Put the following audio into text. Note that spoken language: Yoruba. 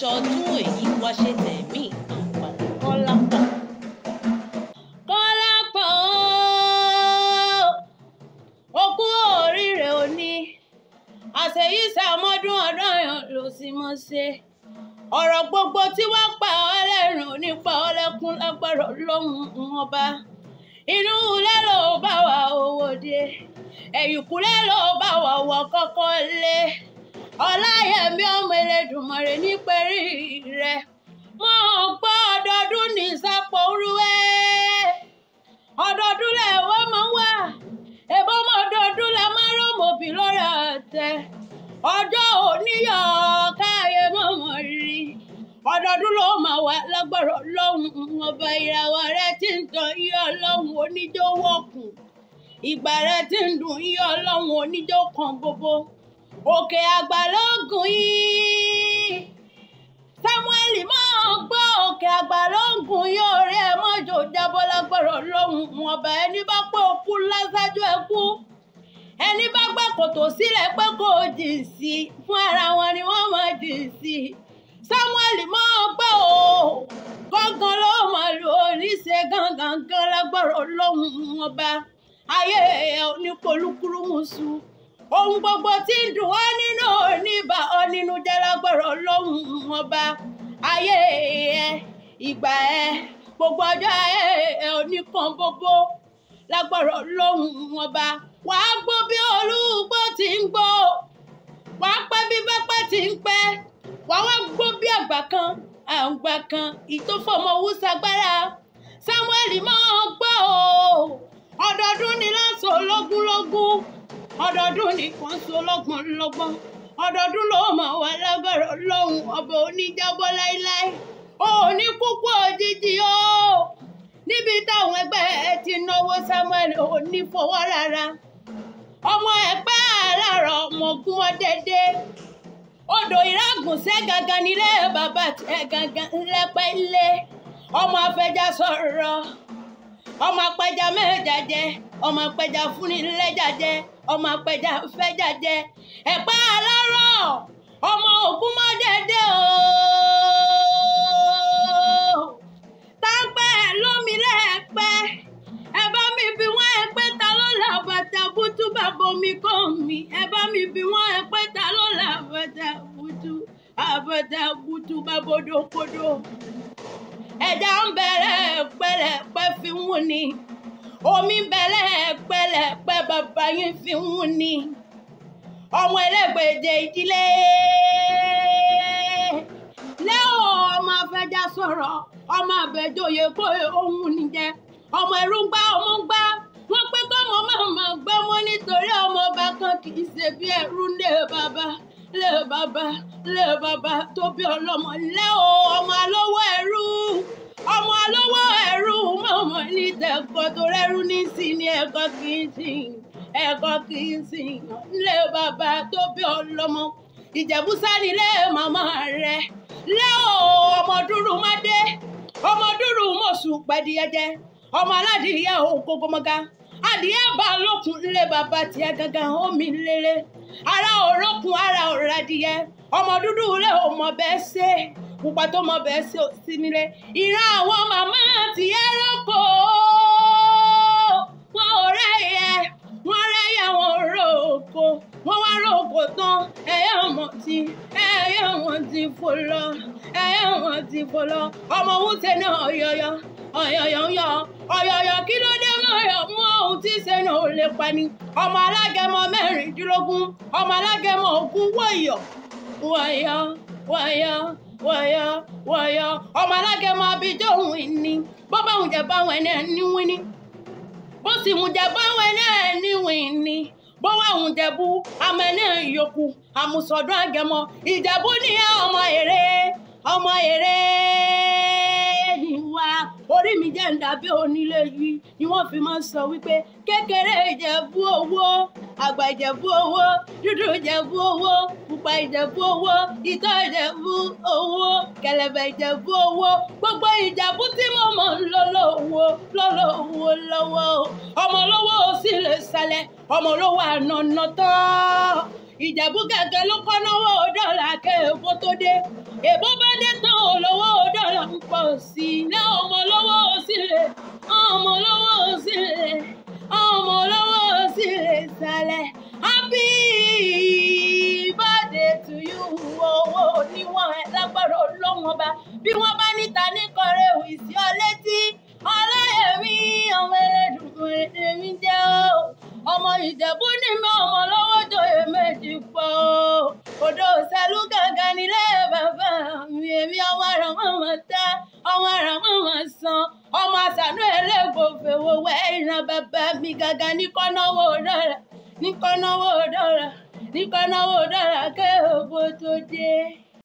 ṣọdún èyí wá ṣe tẹ̀mí ìpàdé kọ́lápọ̀. kọ́lápọ̀ okú oríire òní àṣeyíṣẹ́ ọmọdún ọdún ló sì mọ̀ ṣe ọ̀rọ̀ gbogbo tí wọ́n pa ọ́ lẹ́rìn nípa ọ́ lẹ́kún lágbára lọ́hùn-ún ọba inú ilé ló bá wa owó dé ẹ̀yìnkùlé ló bá wa wọ kọ́kọ́ lé ọláyẹmí ọmọ elédùnmọ̀rẹ́ nípẹ̀rí rẹ̀ mo gbọ́ ọdọọdún ní ìsápò orúwẹ́ ọdọọdún lẹ́wọ́ máa ń wà èbó mọ ọdọọdún la máa ń rọ́mọ̀bì lọ́rọ̀ àtẹ ọjọ́ òníyọ̀ káyé mọ̀mọ́ rí ọdọọdún ló máa wà lágbára ọlọ́run ọba ìràwọ̀ rẹ ti ń tan iye ọlọ́run oníjó wọ̀kùn ìgbà rẹ ti ń dùn iye ọlọ́run oníjó kan gbogbo òkè àgbà yìí Samuel mọ́ gbọ́ òkè àgbà lóògùn yìí orí ẹ̀ mọ́jọ jábọ́ lágbọ̀rọ̀ lóhùn ọba ẹni bá pọ̀ òkú lásájú ẹkú ẹni bá gbà kòtò sílẹ̀ pé kò jìn sí fún ara wọn ni wọ́n mọ̀ jìn sí Samuel mọ́ gbọ́ o gángan ló mọ̀ lò ó níṣẹ́ gángan gán lágbọ̀rọ̀ lóhùn ọba ayé onípolúkúrúmùsù ohun gbogbo tí ń dùn ọ́ nínú oníbà ọ́ nínú jẹ́ lágbọ̀rọ̀ lọ́hùn ọba ayé ẹ ìgbà ẹ gbogbo ọjọ́ ẹ oníkan gbogbo lágbọ̀rọ̀ lọ́hùn ọba wàá gbọ́ bí olúgbó ti ń gbọ́ wàá pẹ́ bí bẹ́pẹ́ ti ń pẹ́ wàá wá gbọ́ bí àgbà kan àgbà kan ìtòfọmọ wúsagbára Samuel máa gbọ́ o ọdọọdún ni láǹsọ̀ lógúnlógún ọdọọdún nìkan so lọ́gbọ̀n lọ́gbọ́n ọdọọdún ló mọ̀ wá lágbára lọ́hùn ọba oníjábọ́ púpọ̀ òjijì o níbi táwọn ẹgbẹ́ ẹ ti Samuel fọwọ́ ọmọ ẹgbẹ́ àràrọ̀ odò gangan nílé bàbá tẹ ọmọ sọ̀rọ̀. ọmọ apẹja mẹ́rẹ̀ẹ́jà jẹ ọmọ apẹja fúnilẹ́jà jẹ ọmọ apẹja fẹ́jà jẹ ẹ̀pẹ́ alárọ̀ ọmọ ògún mọ́ dédé o. tápẹ́ lómi lẹ́ẹ̀pẹ́ ẹ mi bí wọ́n ẹ̀pẹ́ ta ló là bàtà bútú bàbá omi kò mi ẹ bá mi bí wọ́n ẹ̀pẹ́ ta ló là bàtà butu àbàtà bútú bàbá odokodo ẹja ń bẹ̀rẹ̀ pẹ̀lẹ́pẹ̀ fi wù ni omi ń bẹ̀rẹ̀ pẹ̀lẹ́pẹ̀ bàbá yín fi ń wù ni ọmọ ẹlẹ́gbẹ̀jẹ̀ ìdílé lẹ́wọ̀ ọmọ afẹ́já sọ̀rọ̀ ọmọ àbẹ̀jọyè kó ohun níjẹ ọmọ ẹrú ń gbá ọmọ ń gbá wọ́n pé kọ́mọ máa ma gbọ́ wọn nítorí ọmọ ọba kan kì í ṣe bí ẹrú lé bàbá lé bàbá lé bàbá tó bí ọlọ́mọ lẹ́wọ̀ ọmọ alówó ẹrú. àgọ́ tó rẹ́rú ní sí ni ẹ̀kọ́ kì í sìn ẹ̀kọ́ kì í sìn lé bàbá tó bí ọlọ́mọ ìjẹ̀bú sáré lé màmá rẹ̀ lé o ọmọ dúró má dé ọmọ dúró mọ̀sùn pẹ̀díyẹ jẹ ọmọ aládìyẹ òkòkò mọ́gá adìyẹ bá lókun lé bàbá tiẹ̀ gangan omi lélẹ̀ ara òrókun ara òradìyẹ ọmọ dúdú lé ọmọ bẹ́ẹ̀ ṣe pupa tó mọ bẹ́ẹ̀ sí nílé ìran àwọn màmá tiẹ̀ lóko. bolo ẹ̀wọ̀n ti bolo ọmọ wúte náà ọ̀yọ̀yọ̀ ọ̀yọ̀yọ̀ ń yọ ọ̀yọ̀yọ̀ kí ló dé mọ́yọ̀ mú ohun tí sẹ́nu ò lè pani ọmọ alágẹmọ mẹ́rìndínlógún ọmọ alágẹmọ ogún wọ̀yọ̀ wọ̀yọ̀ wọ̀yọ̀ wọ̀yọ̀ wọ̀yọ̀ ọmọ alágẹmọ abijọ́ òun ìní bó bá òun jẹ báwọn ẹni ẹni wíní bó sì òun jẹ báwọn ẹni ẹni wíní bọ́wọ́ òun jẹ̀bú àmọ́ ẹ̀ náà yòókù àmùsọ̀dún àgẹ̀mọ ìjẹ̀bú ní ọmọ èrè ọmọ èrè ìwà orí mi jẹ́ ń dàbí onílé yìí ni wọ́n fi máa ń sọ wípé kékeré ìjẹ̀bú owó àgbà ìjẹ̀bú owó dúdú ìjẹ̀bú owó pupa ìjẹ̀bú owó ìtọ́ ìjẹ̀bú owó kẹ̀lẹ̀bẹ̀ ìjẹ̀bú owó gbogbo ìjẹ̀bú tí fẹ́lẹ́ ọmọ olówó ànànà tán ìjẹ̀bú gẹ́gẹ́ ló kọ́ lọ́wọ́ dọ́là kẹ́ tó dé èbó bá dé tán olówó dọ́là ń sí i ní ọmọ olówó sílẹ̀ ọmọ olówó sílẹ̀ ọmọ olówó sílẹ̀ sálẹ̀ happy birthday to you owó níwọ̀n ẹ̀ lágbára ọlọ́wọ́n ọba bí wọ́n bá níta ní kọrẹ́ òwì sí ọ létí ọlọ́yẹ̀mí ọmọ ẹlẹ́dùn ẹ̀mí jẹ́ ọ́. ọmọ ìjẹ̀bú ní mi ọmọ lọ́wọ́ joyè méjì pọ̀ odò òṣèlú gangan nílé bàbá mi èmi ọmọ àràmọ́mọ́ tá ọmọ àràmọ́mọ́ san ọmọ àṣàánú ẹlẹ́gbò fèwò wẹ́ ìran bàbá mi ní kọ́náwó dọ́là ní ní kẹ́ ògbó tó dé.